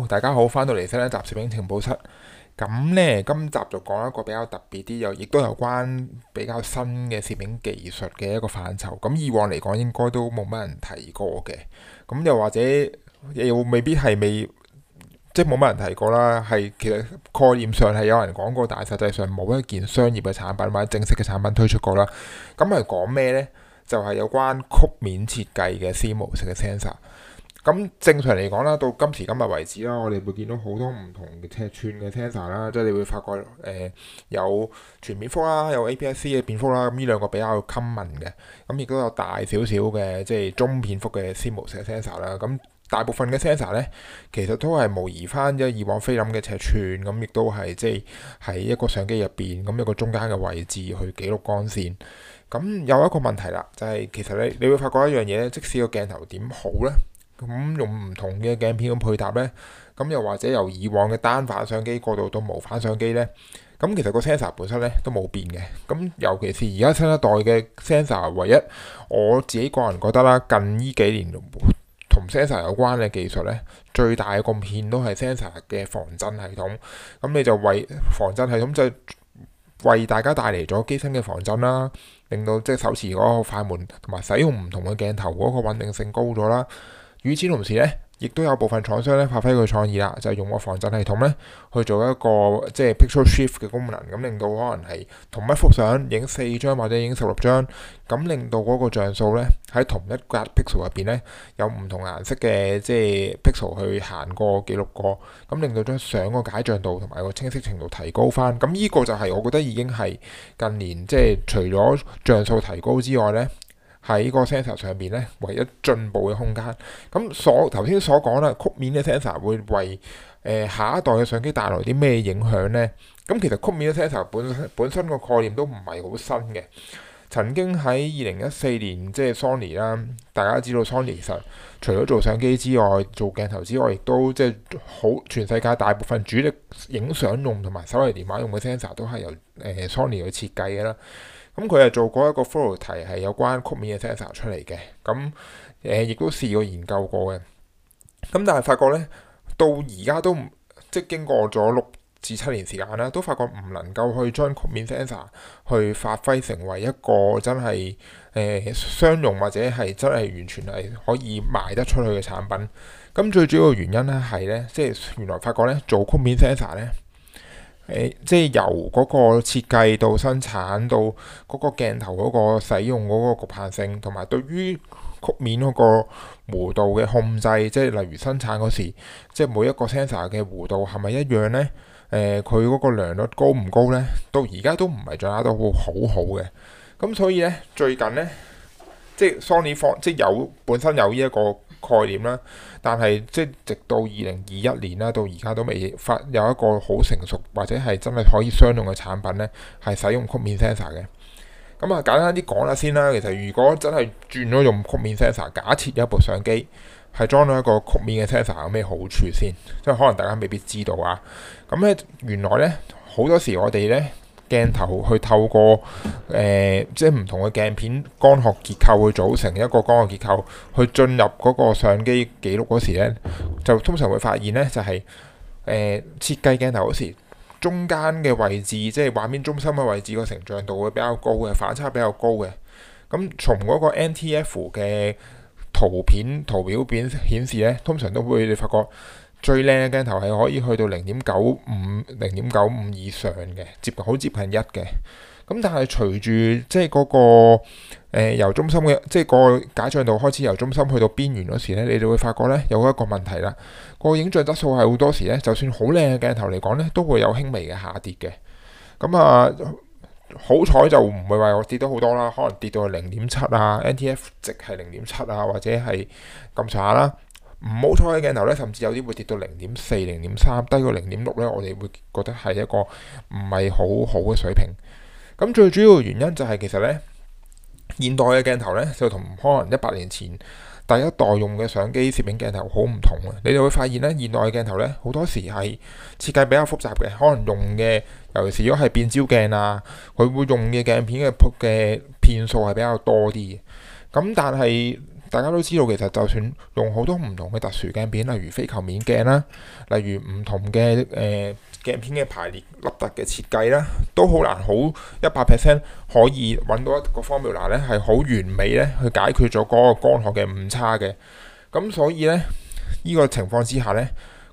好，大家好，翻到嚟新一集攝影情報室。咁呢，今集就講一個比較特別啲，又亦都有關比較新嘅攝影技術嘅一個範疇。咁以往嚟講，應該都冇乜人提過嘅。咁又或者又未必係未，即係冇乜人提過啦。係其實概念上係有人講過，但係實際上冇一件商業嘅產品或者正式嘅產品推出過啦。咁係講咩呢？就係、是、有關曲面設計嘅 C 模式嘅 sensor。咁正常嚟講啦，到今時今日為止啦，我哋會見到好多唔同嘅尺寸嘅 sensor 啦，即係你會發覺誒、呃、有全片幅啦，有 APS-C 嘅片幅啦。咁呢兩個比較 common 嘅，咁亦都有大少少嘅即係中片幅嘅 CMOS 嘅 sensor 啦。咁大部分嘅 sensor 咧，其實都係模擬翻即以往菲林嘅尺寸，咁亦都係即係喺一個相機入邊咁一個中間嘅位置去記錄光線。咁有一個問題啦，就係、是、其實你你會發覺一樣嘢，即使個鏡頭點好咧。咁用唔同嘅鏡片咁配搭咧，咁又或者由以往嘅單反相機過渡到無反相機咧，咁其實個 sensor 本身咧都冇變嘅。咁尤其是而家新一代嘅 sensor，唯一我自己個人覺得啦，近呢幾年同 sensor 有關嘅技術咧，最大嘅貢獻都係 sensor 嘅防震系統。咁你就為防震系統就為大家帶嚟咗機身嘅防震啦，令到即係手持嗰個快門同埋使用唔同嘅鏡頭嗰個穩定性高咗啦。與此同時咧，亦都有部分廠商咧發揮佢創意啦，就係、是、用個防震系統咧去做一個即係 pixel shift 嘅功能，咁令到可能係同一幅相影四張或者影十六張，咁令到嗰個像素咧喺同一格 pixel 入邊咧有唔同顏色嘅即係 pixel 去行過記錄過，咁令到張相個解像度同埋個清晰程度提高翻。咁呢個就係我覺得已經係近年即係除咗像素提高之外咧。喺個 sensor 上邊咧，唯一進步嘅空間。咁所頭先所講啦，曲面嘅 sensor 會為誒、呃、下一代嘅相機帶來啲咩影響咧？咁其實曲面嘅 sensor 本，本身本身個概念都唔係好新嘅。曾經喺二零一四年即係 Sony 啦，大家知道 Sony 其實除咗做相機之外，做鏡頭之外，亦都即係好全世界大部分主力影相用同埋手提電話用嘅 sensor 都係由誒、呃、Sony 去設計嘅啦。咁佢係做過一個 follow 題係有關曲面嘅 sensor 出嚟嘅，咁誒亦都試過研究過嘅。咁、嗯、但係發覺咧，到而家都唔即係經過咗六至七年時間啦，都發覺唔能夠去將曲面 sensor 去發揮成為一個真係誒商用或者係真係完全係可以賣得出去嘅產品。咁、嗯、最主要嘅原因咧係咧，即係原來發覺咧做曲面 sensor 咧。誒、呃，即係由嗰個設計到生產到嗰個鏡頭嗰個使用嗰個局限性，同埋對於曲面嗰個弧度嘅控制，即係例如生產嗰時，即係每一個 sensor 嘅弧度係咪一樣呢？誒、呃，佢嗰個良率高唔高呢？到而家都唔係掌握到好好嘅。咁所以呢，最近呢，即係 Sony 放，即係有本身有呢、這、一個。概念啦，但係即係直到二零二一年啦，到而家都未發有一個好成熟或者係真係可以商用嘅產品咧，係使用曲面 sensor 嘅。咁、嗯、啊，簡單啲講啦先啦，其實如果真係轉咗用曲面 sensor，假設有一部相機係裝咗一個曲面嘅 sensor，有咩好處先？即係可能大家未必知道啊。咁、嗯、咧，原來咧，好多時我哋咧。鏡頭去透過誒、呃，即係唔同嘅鏡片光學結構去組成一個光學結構，去進入嗰個相機記錄嗰時咧，就通常會發現咧，就係、是、誒、呃、設計鏡頭嗰時，中間嘅位置，即係畫面中心嘅位置個成像度會比較高嘅，反差比較高嘅。咁從嗰個 NTF 嘅圖片圖表片顯示咧，通常都會你發覺。最靚嘅鏡頭係可以去到零點九五、零點九五以上嘅，接近好接近一嘅。咁但係隨住即係嗰、嗰個、呃、由中心嘅，即係個解像度開始由中心去到邊緣嗰時咧，你就會發覺咧有一個問題啦。個影像質素係好多時咧，就算好靚嘅鏡頭嚟講咧，都會有輕微嘅下跌嘅。咁啊，好彩就唔會話我跌到好多啦，可能跌到係零點七啊，NTF 值係零點七啊，或者係咁慘啦。唔好彩嘅鏡頭咧，甚至有啲會跌到零點四、零點三，低過零點六咧，我哋會覺得係一個唔係好好嘅水平。咁最主要嘅原因就係其實咧，現代嘅鏡頭咧，就同可能一百年前第一代用嘅相機攝影鏡頭好唔同啊！你哋會發現咧，現代嘅鏡頭咧，好多時係設計比較複雜嘅，可能用嘅，尤其是如果係變焦鏡啊，佢會用嘅鏡片嘅嘅片數係比較多啲嘅。咁但係大家都知道，其實就算用好多唔同嘅特殊鏡片，例如非球面鏡啦，例如唔同嘅誒鏡片嘅排列凹凸嘅設計啦，都好難好一百 percent 可以揾到一個 formula 咧，係好完美咧去解決咗嗰個光學嘅誤差嘅。咁所以咧，呢、呢個情況之下咧，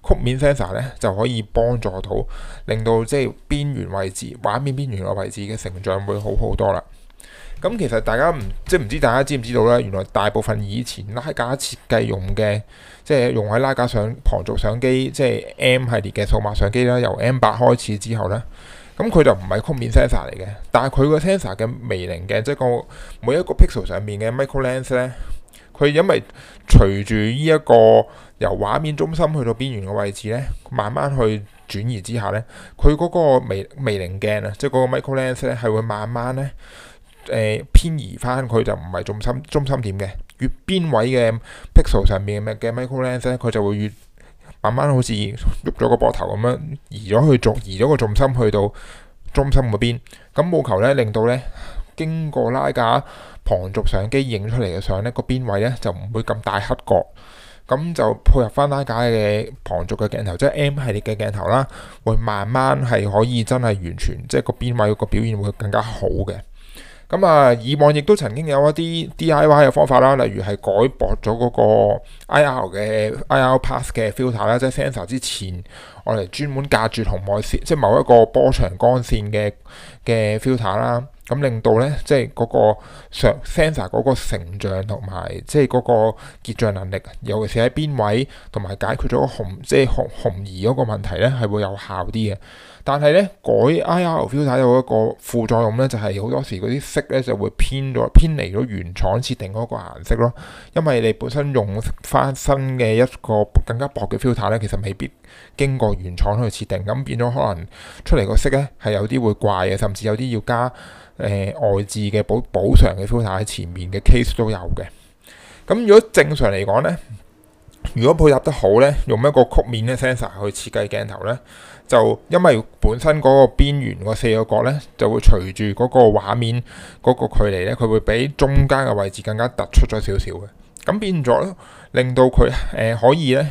曲面 sensor 咧就可以幫助到，令到即係邊緣位置、畫面邊緣嘅位置嘅成像會好好多啦。咁其實大家唔即係唔知大家知唔知道咧？原來大部分以前拉架設計用嘅，即係用喺拉架上旁軸相機，即係 M 系列嘅數碼相機啦。由 M 八開始之後咧，咁佢就唔係曲面 sensor 嚟嘅，但係佢個 sensor 嘅微稜鏡即係個每一個 pixel 上面嘅 micro lens 咧，佢因為隨住呢一個由畫面中心去到邊緣嘅位置咧，慢慢去轉移之下咧，佢嗰個微微稜鏡啊，即係嗰個 micro lens 咧，係會慢慢咧。誒、呃、偏移翻佢就唔係重心中心點嘅，越邊位嘅 pixel 上面嘅 micro lens 咧，佢就會越慢慢好似喐咗個膊頭咁樣移咗去，逐移咗個重心去到中心嗰邊。咁務求咧，令到咧經過拉架旁軸相機影出嚟嘅相咧，個邊位咧就唔會咁大黑角。咁就配合翻拉架嘅旁軸嘅鏡頭，即係 M 系列嘅鏡頭啦，會慢慢係可以真係完全即係個邊位個表現會更加好嘅。咁啊、嗯，以往亦都曾經有一啲 DIY 嘅方法啦，例如係改薄咗嗰個 IR 嘅 IR pass 嘅 filter 啦，fil ter，即係 sensor 之前，我哋專門架住紅外線，即係某一個波長光線嘅嘅 filter 啦，咁、啊、令到咧，即係嗰個上 sensor 嗰個成像同埋即係嗰個結像能力，尤其是喺邊位，同埋解決咗紅即係紅紅移嗰個問題咧，係會有效啲嘅。但係咧，改 IR filter 有一個副作用咧，就係、是、好多時嗰啲色咧就會偏咗、偏離咗原廠設定嗰個顏色咯。因為你本身用返新嘅一個更加薄嘅 filter 咧，其實未必經過原廠去設定，咁變咗可能出嚟個色咧係有啲會怪嘅，甚至有啲要加誒、呃、外置嘅補補償嘅 filter 喺前面嘅 case 都有嘅。咁如果正常嚟講咧。如果配合得好咧，用一個曲面嘅 sensor 去設計鏡頭咧，就因為本身嗰個邊緣嗰四個角咧，就會隨住嗰個畫面嗰個距離咧，佢會比中間嘅位置更加突出咗少少嘅，咁變咗令到佢誒、呃、可以咧，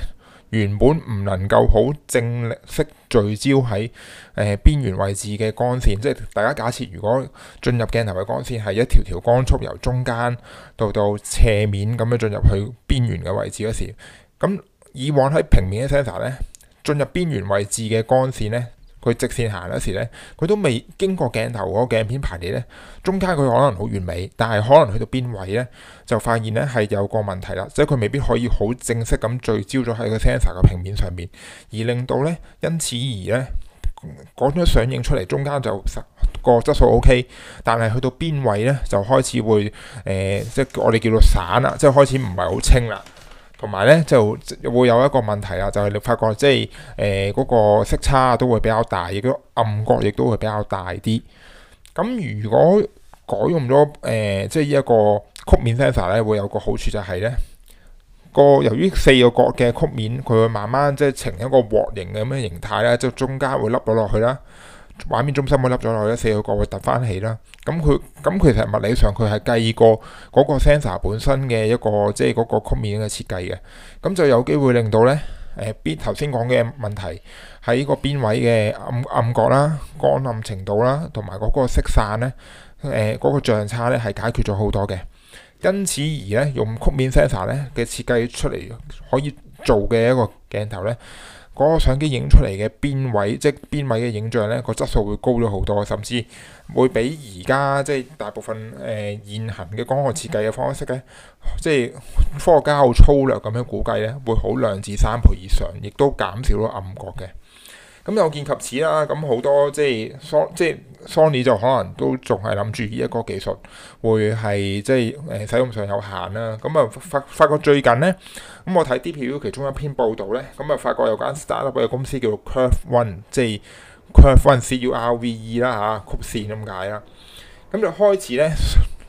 原本唔能夠好正力式聚焦喺誒邊緣位置嘅光線，即係大家假設如果進入鏡頭嘅光線係一條條光束由中間到到斜面咁樣進入去邊緣嘅位置嗰時。咁以往喺平面嘅 sensor 咧，進入邊緣位置嘅光線咧，佢直線行嗰時咧，佢都未經過鏡頭嗰鏡片排列咧，中間佢可能好完美，但係可能去到邊位咧，就發現咧係有個問題啦，即係佢未必可以好正式咁聚焦咗喺個 sensor 嘅平面上面，而令到咧因此而咧，嗰張上映出嚟中間就、個質素 OK，但係去到邊位咧就開始會誒、呃，即係我哋叫做散啦，即係開始唔係好清啦。同埋咧就會有一個問題啊，就係、是、你發覺即係誒嗰個色差都會比較大，亦都暗角亦都會比較大啲。咁如果改用咗誒、呃、即係依一個曲面 sensor 咧，會有個好處就係咧個由於四個角嘅曲面，佢會慢慢即係呈一個鑊形嘅咁嘅形態啦，即係中間會凹咗落去啦。畫面中心會凹咗落去，咧四個角會凸翻起啦，咁佢咁其實物理上佢係計過嗰個 Sensor 本身嘅一個即係嗰個曲面嘅設計嘅，咁就有機會令到咧誒邊頭先講嘅問題喺個邊位嘅暗暗角啦、光暗程度啦，同埋嗰個色散咧、誒、呃、嗰、嗰個像差咧係解決咗好多嘅，因此而咧用曲面 Sensor 咧嘅設計出嚟可以做嘅一個鏡頭咧。嗰個相機影出嚟嘅邊位，即係邊位嘅影像呢個質素會高咗好多，甚至會比而家即係大部分誒、呃、現行嘅光學設計嘅方式呢，即係科學家好粗略咁樣估計呢，會好兩至三倍以上，亦都減少咗暗角嘅。咁又見及此啦。咁好多即係，Sony 就可能都仲係諗住呢一個技術會係即係誒、呃、使用上有限啦、啊。咁啊發發覺最近咧，咁我睇啲片其中一篇報道咧，咁啊發覺有間 startup 嘅公司叫 Curve One，即係 Curve One C U R V E 啦嚇，曲線咁解啦。咁、啊、就開始咧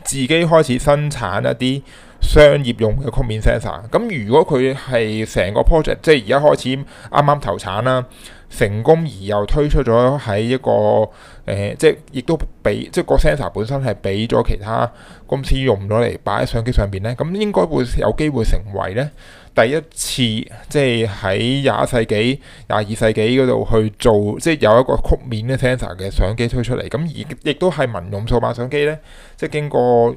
自己開始生產一啲。商業用嘅曲面 sensor，咁如果佢係成個 project，即係而家開始啱啱投產啦，成功而又推出咗喺一個誒、呃，即係亦都俾即係個 sensor 本身係俾咗其他公司用咗嚟擺喺相機上邊咧，咁應該會有機會成為咧第一次，即係喺廿一世紀、廿二世紀嗰度去做，即係有一個曲面嘅 sensor 嘅相機推出嚟，咁而亦都係民用數碼相機咧，即係經過。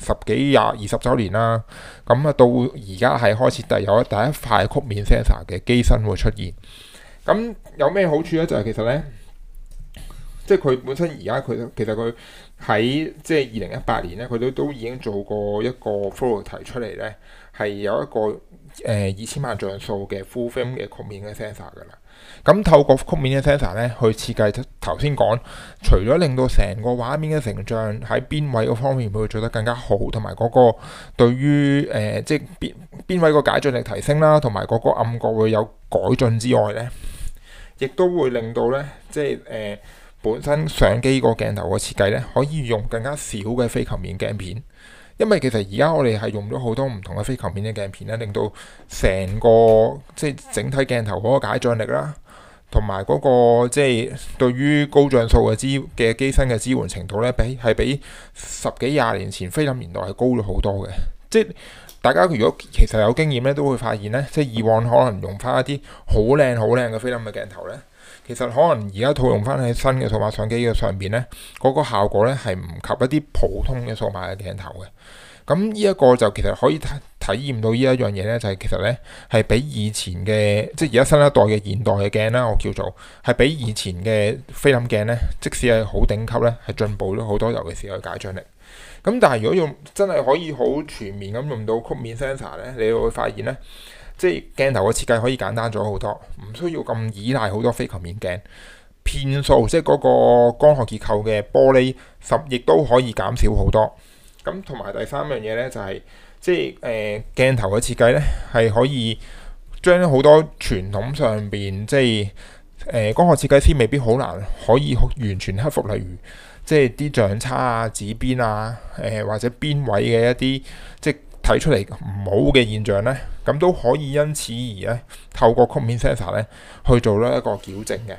十幾、廿、二十周年啦，咁啊到而家係開始第一有第一塊曲面 sensor 嘅機身會出現，咁有咩好處咧？就係、是、其實咧，即係佢本身而家佢其實佢喺即係二零一八年咧，佢都都已經做過一個 proposal 提出嚟咧，係有一個誒二千萬像素嘅 full frame 嘅曲面嘅 sensor 噶啦。咁、嗯、透過曲面嘅 sensor 咧去設計，頭先講除咗令到成個畫面嘅成像喺邊位個方面會做得更加好，同埋嗰個對於誒、呃、即係邊邊位個解像力提升啦，同埋嗰個暗角會有改進之外咧，亦都會令到咧即係誒、呃、本身相機個鏡頭個設計咧可以用更加少嘅非球面鏡片。因為其實而家我哋係用咗好多唔同嘅非球面嘅鏡片咧，令到成個即係整體鏡頭嗰個解像力啦，同埋嗰個即係對於高像素嘅支嘅機身嘅支援程度咧，比係比十幾廿年前菲林年代係高咗好多嘅。即係大家如果其實有經驗咧，都會發現咧，即係以往可能用翻一啲好靚好靚嘅菲林嘅鏡頭咧。其實可能而家套用翻喺新嘅數碼相機嘅上邊咧，嗰個效果咧係唔及一啲普通嘅數碼嘅鏡頭嘅。咁呢一個就其實可以體體驗到呢一樣嘢咧，就係其實咧係比以前嘅，即係而家新一代嘅現代嘅鏡啦，我叫做係比以前嘅菲林鏡咧，即使係好頂級咧，係進步咗好多，尤其是佢解像力。咁但係如果用真係可以好全面咁用到曲面 sensor 咧，你會發現咧。即係鏡頭嘅設計可以簡單咗好多，唔需要咁依賴好多非球面鏡片數，即係嗰個光學結構嘅玻璃十亦都可以減少好多。咁同埋第三樣嘢咧就係、是，即係誒、呃、鏡頭嘅設計咧係可以將好多傳統上面即係誒、呃、光學設計師未必好難可以完全克服，例如即係啲像差啊、紫邊啊、誒、呃、或者邊位嘅一啲即睇出嚟唔好嘅現象呢，咁都可以因此而呢透過曲面 sensor 呢去做咗一個矯正嘅。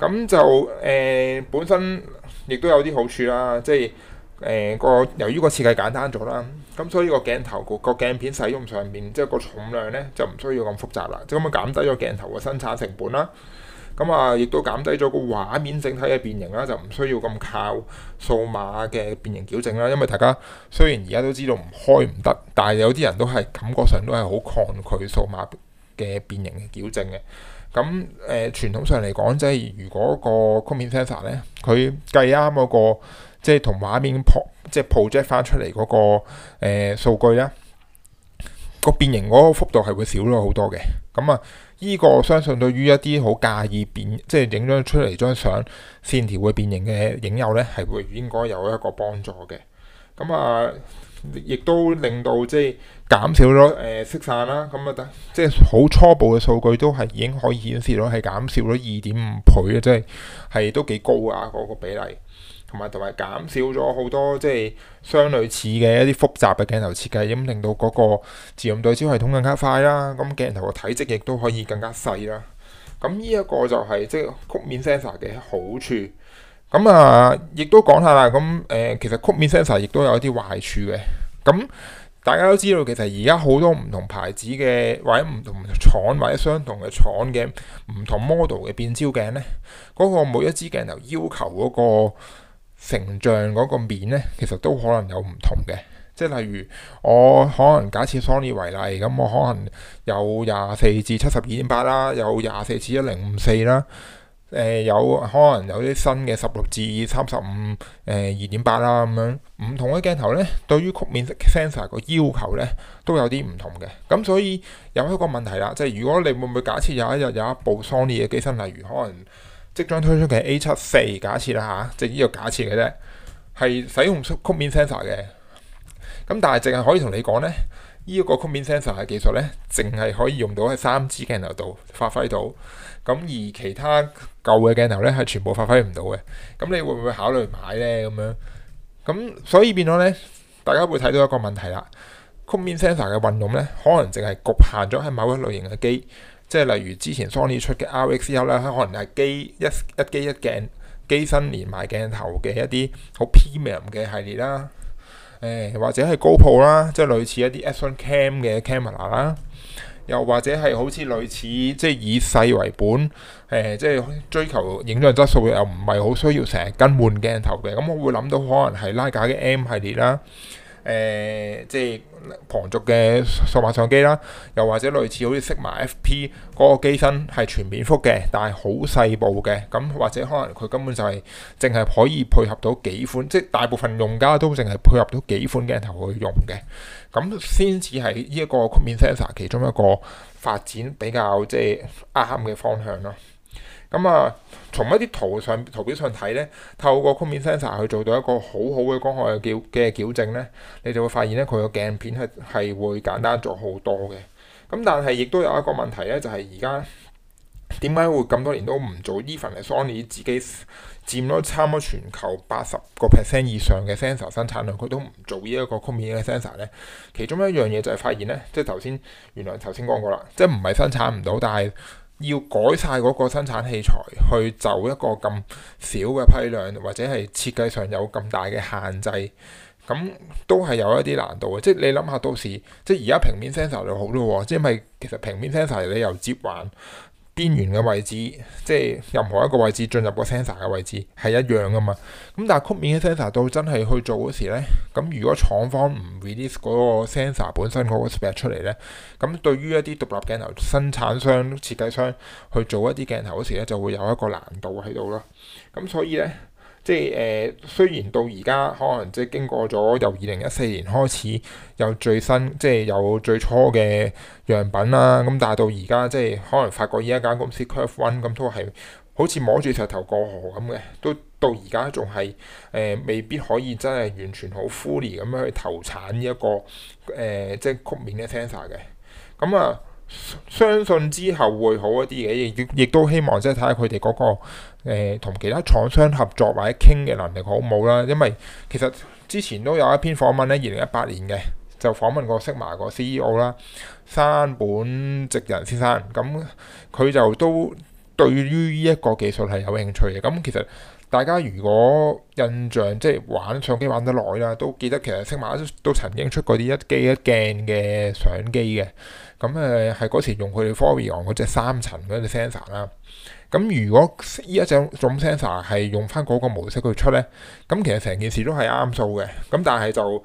咁就誒、呃、本身亦都有啲好處啦，即係誒個由於個設計簡單咗啦，咁所以個鏡頭、個鏡片使用上面即係、就是、個重量呢，就唔需要咁複雜啦，即係咁樣減低咗鏡頭嘅生產成本啦。咁啊，亦、嗯、都減低咗個畫面整體嘅變形啦，就唔需要咁靠數碼嘅變形矯正啦。因為大家雖然而家都知道唔開唔得，但係有啲人都係感覺上都係好抗拒數碼嘅變形矯正嘅。咁、嗯、誒、呃，傳統上嚟講，即係如果個曲面 sensor 咧，佢計啱嗰、那個即係同畫面 pro, 即 project 翻出嚟嗰、那個誒、呃、數據咧，那個變形嗰個幅度係會少咗好多嘅。咁、嗯、啊～呢個相信對於一啲好介意變即係影咗出嚟張相線條會變形嘅影友咧，係會應該有一個幫助嘅。咁、嗯、啊，亦都令到即係減少咗誒色散啦。咁啊，即係好、呃嗯、初步嘅數據都係已經可以顯示到係減少咗二點五倍啊！即係係都幾高啊嗰個比例。同埋同埋減少咗好多即係相類似嘅一啲複雜嘅鏡頭設計，咁令到嗰個自動對焦系統更加快啦。咁鏡頭嘅體積亦都可以更加細啦。咁呢一個就係、是、即係曲面 sensor 嘅好處。咁啊，亦都講下啦。咁誒、呃，其實曲面 sensor 亦都有一啲壞處嘅。咁大家都知道，其實而家好多唔同牌子嘅或者唔同廠或者相同嘅廠嘅唔同 model 嘅變焦鏡呢，嗰、那個每一支鏡頭要求嗰、那個。成像嗰個面咧，其實都可能有唔同嘅，即係例如我可能假設 Sony 為例，咁我可能有廿四至七十二點八啦，有廿四至一零五四啦，誒有可能有啲新嘅十六至三十五誒二點八啦咁樣，唔同嘅鏡頭咧，對於曲面 sensor 個要求咧都有啲唔同嘅，咁所以有一個問題啦，即係如果你會唔會假設有一日有一部 Sony 嘅機身，例如可能。即將推出嘅 A 七四，假設啦嚇，即係、啊、呢個假設嘅啫，係使用出曲面 sensor 嘅。咁但係淨係可以同你講咧，依、這、一個曲面 sensor 嘅技術呢，淨係可以用到喺三支鏡頭度發揮到。咁而其他舊嘅鏡頭呢，係全部發揮唔到嘅。咁你會唔會考慮買呢？咁樣咁、啊、所以變咗呢，大家會睇到一個問題啦。曲面 sensor 嘅運用呢，可能淨係局限咗喺某一類型嘅機。即係例如之前 Sony 出嘅 RX 一咧，可能係機一一機一鏡機身連埋鏡頭嘅一啲好 premium 嘅系列啦。誒、欸，或者係 GoPro 啦，即係類似一啲 Action Cam 嘅 camera 啦。又或者係好似類似即係以細為本，誒、欸，即係追求影像質素又唔係好需要成日更換鏡頭嘅。咁、嗯、我會諗到可能係拉架嘅 M 系列啦。誒、呃，即係旁軸嘅數碼相機啦，又或者類似好似 Sigma FP 嗰個機身係全面幅嘅，但係好細部嘅，咁或者可能佢根本就係淨係可以配合到幾款，即係大部分用家都淨係配合到幾款鏡頭去用嘅，咁先至係呢一個曲面 sensor 其中一個發展比較即係啱嘅方向咯。咁啊、嗯，從一啲圖上、圖表上睇咧，透過曲面 sensor 去做到一個好好嘅光學嘅矯嘅矯正咧，你就會發現咧，佢個鏡片係係會簡單咗好多嘅。咁、嗯、但係亦都有一個問題咧，就係而家點解會咁多年都唔做呢？份 Sony 自己佔咗差唔多全球八十個 percent 以上嘅 sensor 生產量，佢都唔做面呢一個曲面嘅 sensor 咧。其中一樣嘢就係發現咧，即係頭先原來頭先講過啦，即係唔係生產唔到，但係要改晒嗰個生產器材，去就一個咁小嘅批量，或者係設計上有咁大嘅限制，咁都係有一啲難度嘅。即係你諗下，到時即係而家平面 sensor 就好咯，即係咪其實平面 sensor 你又接環。邊緣嘅位置，即係任何一個位置進入個 sensor 嘅位置係一樣㗎嘛。咁但係曲面嘅 sensor 到真係去做嗰時咧，咁如果廠方唔 release 嗰個 sensor 本身嗰個 spec 出嚟咧，咁對於一啲獨立鏡頭生產商、設計商去做一啲鏡頭嗰時咧，就會有一個難度喺度咯。咁所以咧。即係誒、呃，雖然到而家可能即係經過咗由二零一四年開始，有最新即係有最初嘅樣品啦。咁但係到而家即係可能發覺依一間公司 Curve One 咁都係好似摸住石頭過河咁嘅，都到而家仲係誒未必可以真係完全好 fully 咁樣去投產呢一個誒、呃、即係曲面嘅 sensor 嘅。咁啊，相信之後會好一啲嘅，亦亦都希望即係睇下佢哋嗰個。誒同、呃、其他廠商合作或者傾嘅能力好冇啦，因為其實之前都有一篇訪問咧，二零一八年嘅就訪問過適馬個 CEO 啦，山本直人先生，咁、嗯、佢就都對於呢一個技術係有興趣嘅。咁、嗯、其實大家如果印象即係玩相機玩得耐啦，都記得其實適馬都曾經出過啲一機一鏡嘅相機嘅，咁誒係嗰時用佢哋 Foveon 嗰隻三層嗰隻 sensor 啦。咁如果依一種 sensor 係用翻嗰個模式去出呢，咁其實成件事都係啱數嘅。咁但係就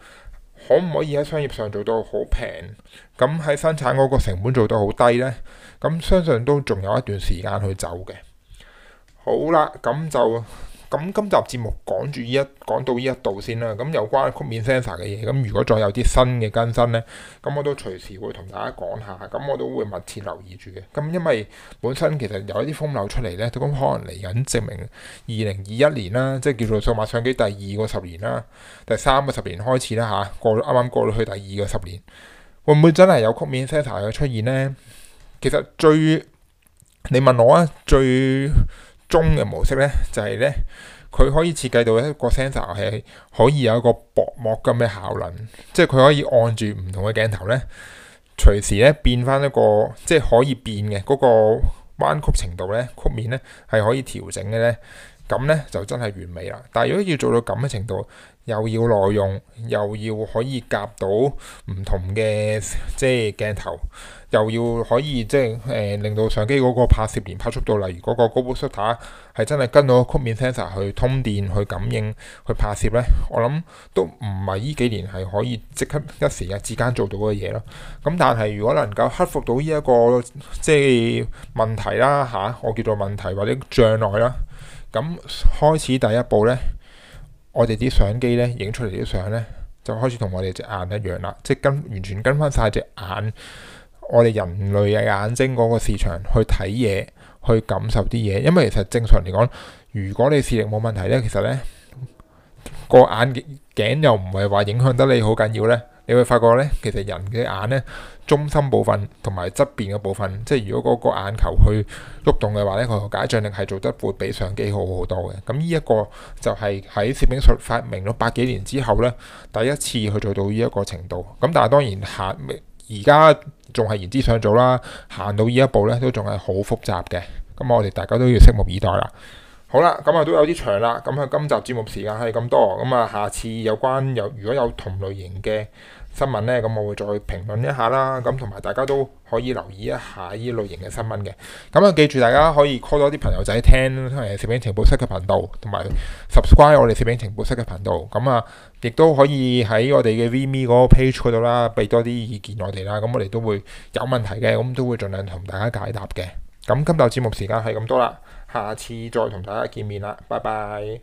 可唔可以喺商業上做到好平？咁喺生產嗰個成本做到好低呢？咁相信都仲有一段時間去走嘅。好啦，咁就。咁今集節目講住呢一講到呢一度先啦。咁有關曲面 sensor 嘅嘢，咁如果再有啲新嘅更新呢，咁我都隨時會同大家講下。咁我都會密切留意住嘅。咁因為本身其實有一啲風流出嚟咧，咁可能嚟緊證明二零二一年啦，即係叫做數碼相機第二個十年啦，第三個十年開始啦吓、啊。過啱啱過咗去第二個十年，會唔會真係有曲面 sensor 嘅出現呢？其實最你問我啊，最。中嘅模式咧，就係咧，佢可以設計到一個 sensor 係可以有一個薄膜咁嘅效能，即係佢可以按住唔同嘅鏡頭咧，隨時咧變翻一個，即係可以變嘅嗰個彎曲程度咧，曲面咧係可以調整嘅咧。咁咧就真係完美啦。但係如果要做到咁嘅程度，又要耐用，又要可以夾到唔同嘅即係鏡頭，又要可以即係誒、呃、令到相機嗰個拍攝連拍速度，例如嗰個高速 Shutter 係真係跟到曲面 sensor 去通電去感應去拍攝咧，我諗都唔係呢幾年係可以即刻一時日之間做到嘅嘢咯。咁但係如果能夠克服到呢、這、一個即係問題啦吓，我叫做問題或者障礙啦。咁開始第一步咧，我哋啲相機咧影出嚟啲相咧，就開始同我哋隻眼一樣啦，即係跟完全跟翻晒隻眼，我哋人類嘅眼睛嗰個視場去睇嘢，去感受啲嘢。因為其實正常嚟講，如果你視力冇問題咧，其實咧、嗰個眼鏡又唔係話影響得你好緊要咧。你會發覺咧，其實人嘅眼咧，中心部分同埋側邊嘅部分，即係如果嗰個眼球去喐動嘅話咧，佢個解像力係做得會比相機好好多嘅。咁呢一個就係喺攝影術發明咗百幾年之後咧，第一次去做到呢一個程度。咁但係當然行而家仲係言之尚早啦，行到呢一步咧都仲係好複雜嘅。咁我哋大家都要拭目以待啦。好啦，咁啊都有啲長啦。咁啊，今集節目時間係咁多，咁啊，下次有關有如果有同類型嘅。新聞咧，咁我會再評論一下啦，咁同埋大家都可以留意一下呢類型嘅新聞嘅。咁啊，記住大家可以 call 多啲朋友仔聽誒，攝影情報室嘅頻道，同埋 subscribe 我哋攝影情報室嘅頻道。咁啊，亦都可以喺我哋嘅 VMe 個 page 嗰度啦，俾多啲意見我哋啦。咁我哋都會有問題嘅，咁都會盡量同大家解答嘅。咁今集節目時間係咁多啦，下次再同大家見面啦，拜拜。